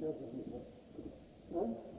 Thank hm? you.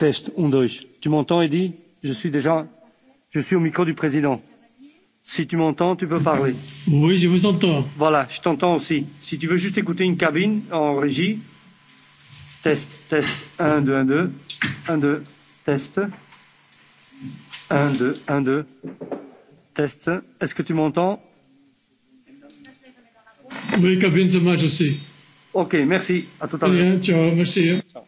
Test, 1 2 Tu m'entends, Eddy Je suis déjà... Je suis au micro du président. Si tu m'entends, tu peux parler. Oui, je vous entends. Voilà, je t'entends aussi. Si tu veux juste écouter une cabine en régie, test, test, 1, 2, 1, 2, 1, 2, test, 1, 2, 1, 2, test. Est-ce que tu m'entends Oui, cabine, ça marche aussi. Ok, merci. À tout à l'heure. Ciao, merci. Ciao.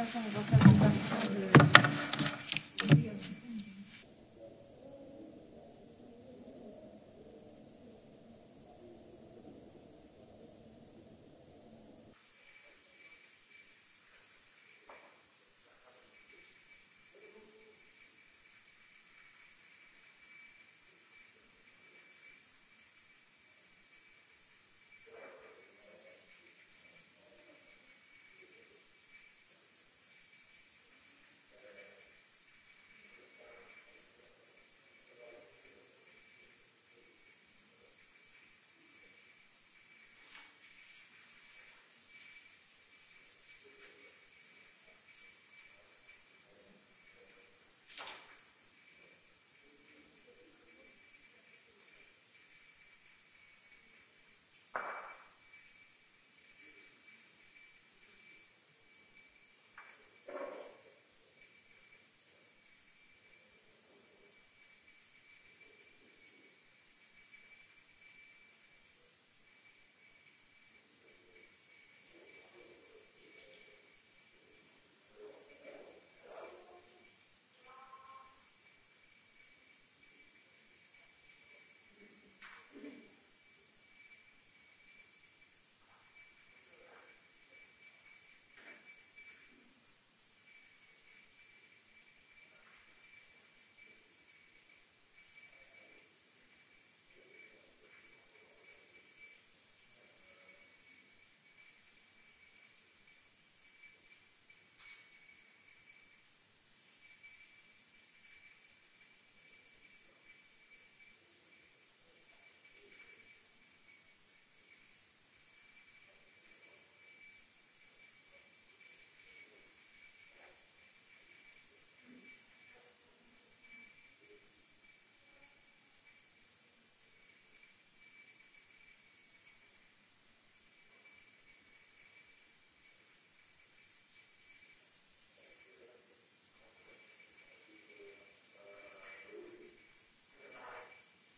zapraszam do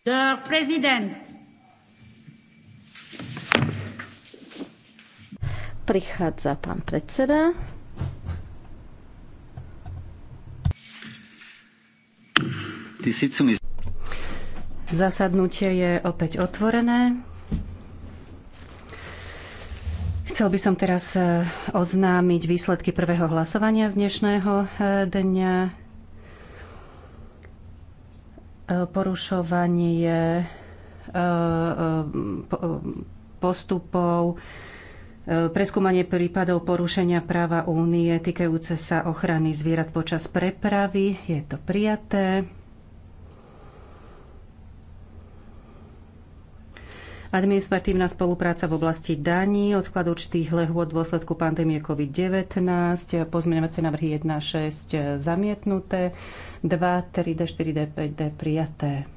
Der Prichádza pán predseda. Zasadnutie je opäť otvorené. Chcel by som teraz eh, oznámiť výsledky prvého hlasovania z dnešného eh, dňa porušovanie e, e, postupov, e, preskúmanie prípadov porušenia práva únie týkajúce sa ochrany zvierat počas prepravy. Je to prijaté. administratívna spolupráca v oblasti daní, odklad určitých lehôd v dôsledku pandémie COVID-19, pozmeňovacie návrhy 1 6 zamietnuté, 2, 3D, 4D, 5D prijaté.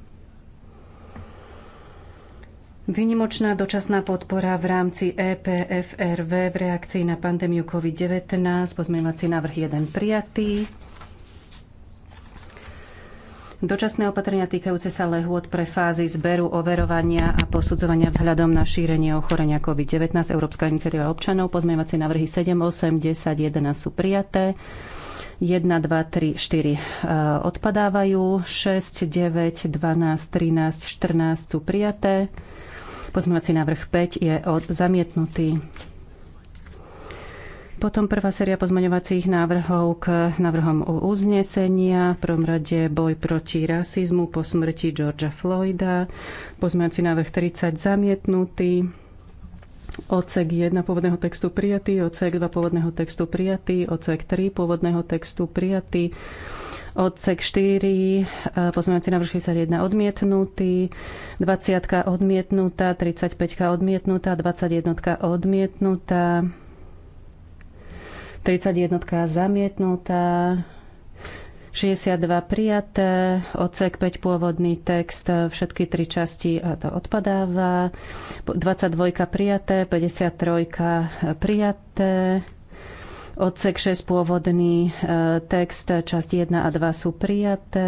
Vynimočná dočasná podpora v rámci EPFRV v reakcii na pandémiu COVID-19, pozmeňovací návrh 1 prijatý, Dočasné opatrenia týkajúce sa lehôd pre fázy zberu, overovania a posudzovania vzhľadom na šírenie ochorenia COVID-19 Európska iniciatíva občanov. Pozmievacie návrhy 7, 8, 10, 11 sú prijaté. 1, 2, 3, 4 odpadávajú. 6, 9, 12, 13, 14 sú prijaté. Pozmievací návrh 5 je zamietnutý. Potom prvá séria pozmaňovacích návrhov k návrhom o uznesenia. V prvom rade boj proti rasizmu po smrti Georgia Floyda. Pozmaňovací návrh 30 zamietnutý. Ocek 1 pôvodného textu prijatý, ocek 2 pôvodného textu prijatý, ocek 3 pôvodného textu prijatý, odsek 4 e, pozmeňujúci návrh 61 odmietnutý, 20 odmietnutá, 35 odmietnutá, 21 odmietnutá, 31 zamietnutá, 62 prijaté, odsek 5 pôvodný text, všetky tri časti a to odpadáva, 22 prijaté, 53 prijaté, odsek 6 pôvodný e, text, časť 1 a 2 sú prijaté,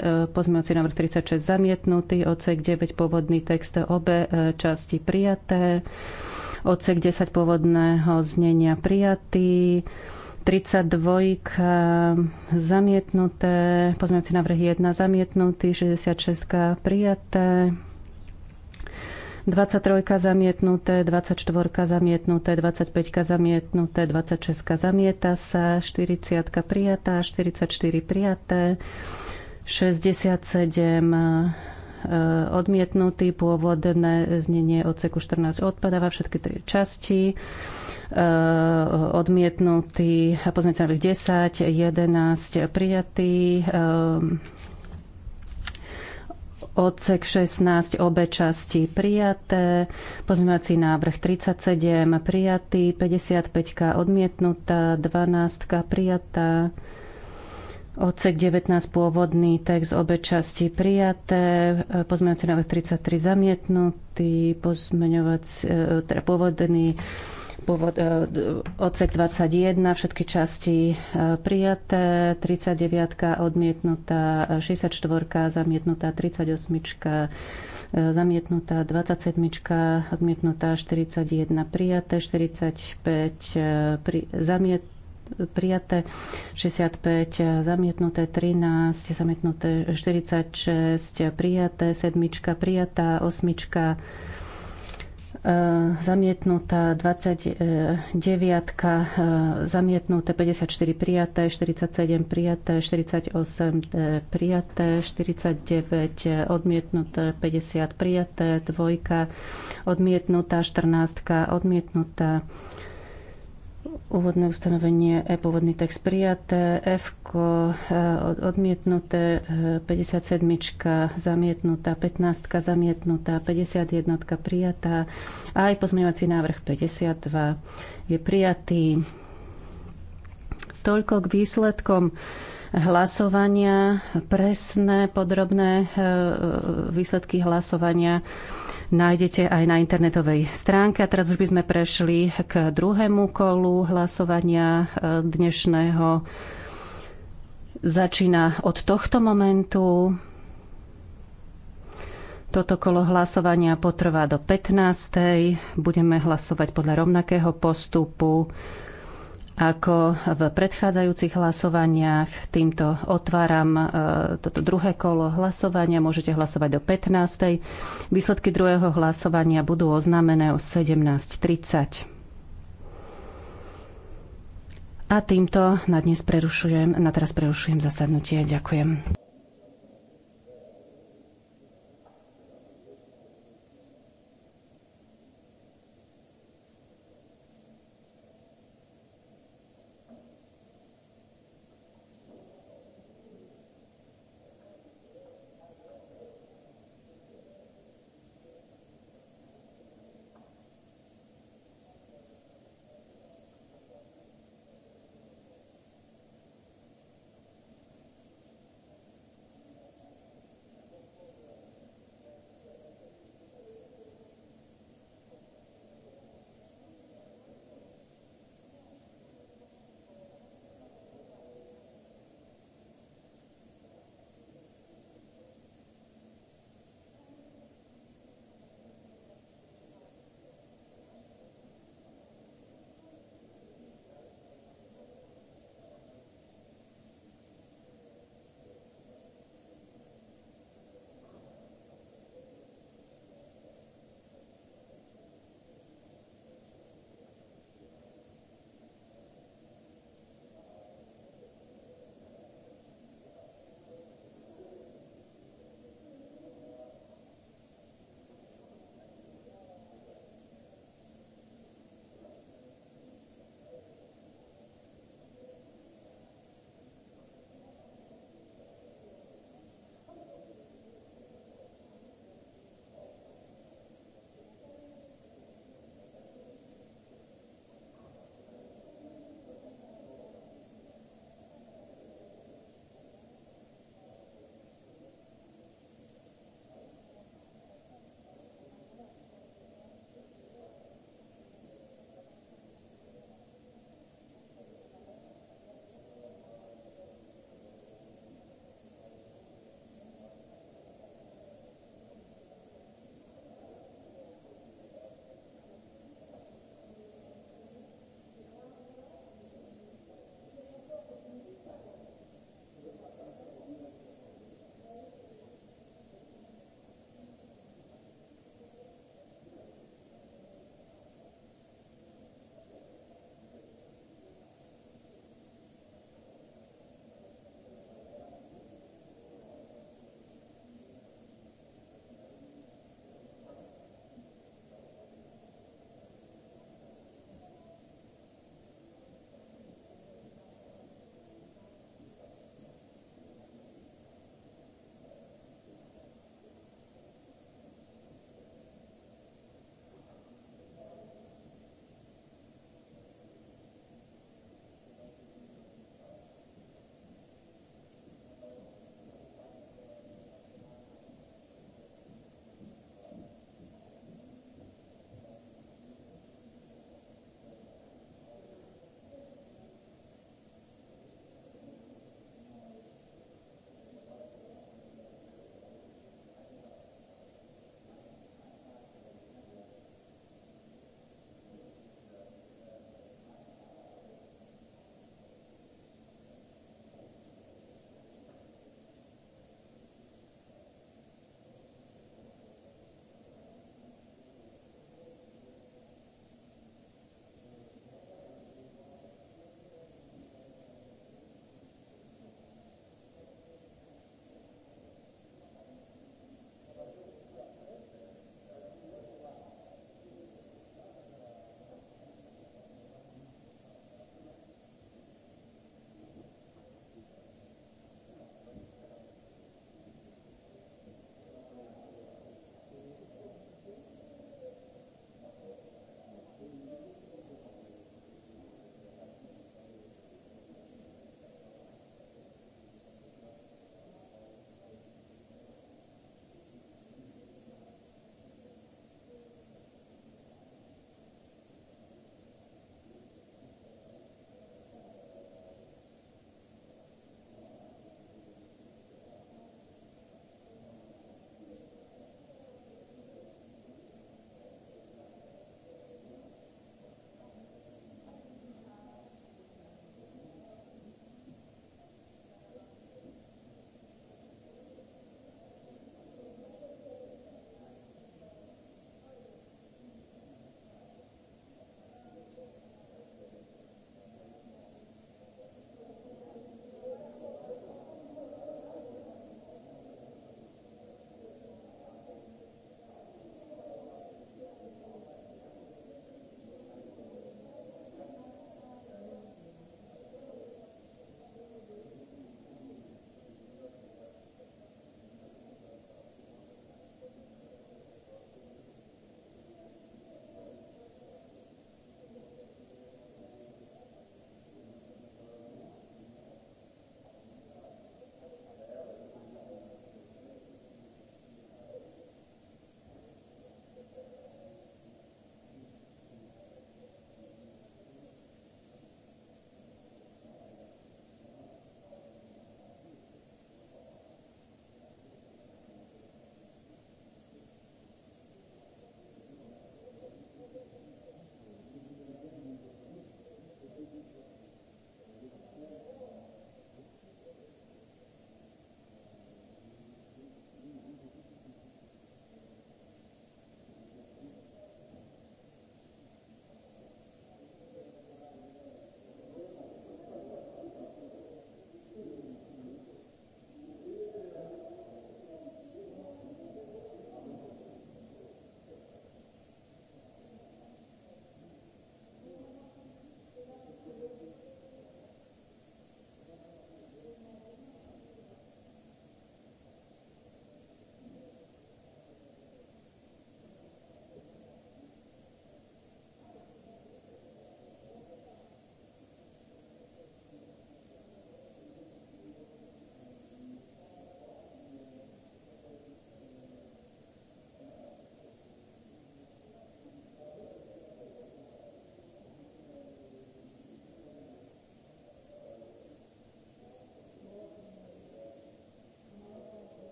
e, pozmeňovací návrh 36 zamietnutý, odsek 9 pôvodný text, obe e, časti prijaté, odsek 10 pôvodného znenia prijatý. 32 zamietnuté, pozmeňujúci návrh 1 zamietnutý, 66 prijaté, 23 zamietnuté, 24 zamietnuté, 25 zamietnuté, 26 zamieta sa, 40 prijatá, 44 prijaté, 67 Eh, odmietnutý. Pôvodné znenie odseku 14 odpadáva všetky tri časti eh, odmietnutý pozmeňujúci návrh 10, 11 prijatý, eh, odsek 16 obe časti prijaté, pozmeňovací návrh 37 prijatý, 55 odmietnutá, 12 prijatá, Odsek 19 pôvodný text obe časti prijaté, e, pozmeňovací návrh 33 zamietnutý, pozmeňovací, e, teda pôvodný pôvod, e, odsek 21, všetky časti prijaté, 39 odmietnutá, 64 zamietnutá, 38 zamietnutá, 27 odmietnutá, 41 prijaté, 45 pri, zamiet, prijaté, 65 zamietnuté, 13 zamietnuté, 46 prijaté, 7, prijatá, 8, e, zamietnutá, 29 e, zamietnuté, 54 prijaté, 47 prijaté, 48 e, prijaté, 49 odmietnuté, 50 prijaté, 2, odmietnutá, 14 odmietnutá, Úvodné ustanovenie E, pôvodný text prijaté, F e, odmietnuté, 57 e, zamietnutá, 15 zamietnutá, 51 prijatá. A aj pozmeňovací návrh 52 je prijatý. Toľko k výsledkom hlasovania, presné, podrobné e, výsledky hlasovania nájdete aj na internetovej stránke. A teraz už by sme prešli k druhému kolu hlasovania e, dnešného. Začína od tohto momentu. Toto kolo hlasovania potrvá do 15. Budeme hlasovať podľa rovnakého postupu ako v predchádzajúcich hlasovaniach. Týmto otváram e, toto druhé kolo hlasovania. Môžete hlasovať do 15. Výsledky druhého hlasovania budú oznámené o 17.30. A týmto na dnes prerušujem, na teraz prerušujem zasadnutie. Ďakujem.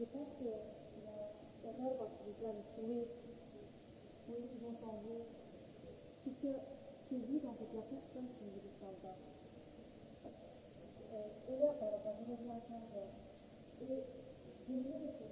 Je pense que l'erreur dans ce que oui, oui, j'ai entendu, c'est que tu vis dans cette personne qui ne vit pas Et là, par exemple, je vais vous entendre. Et je me que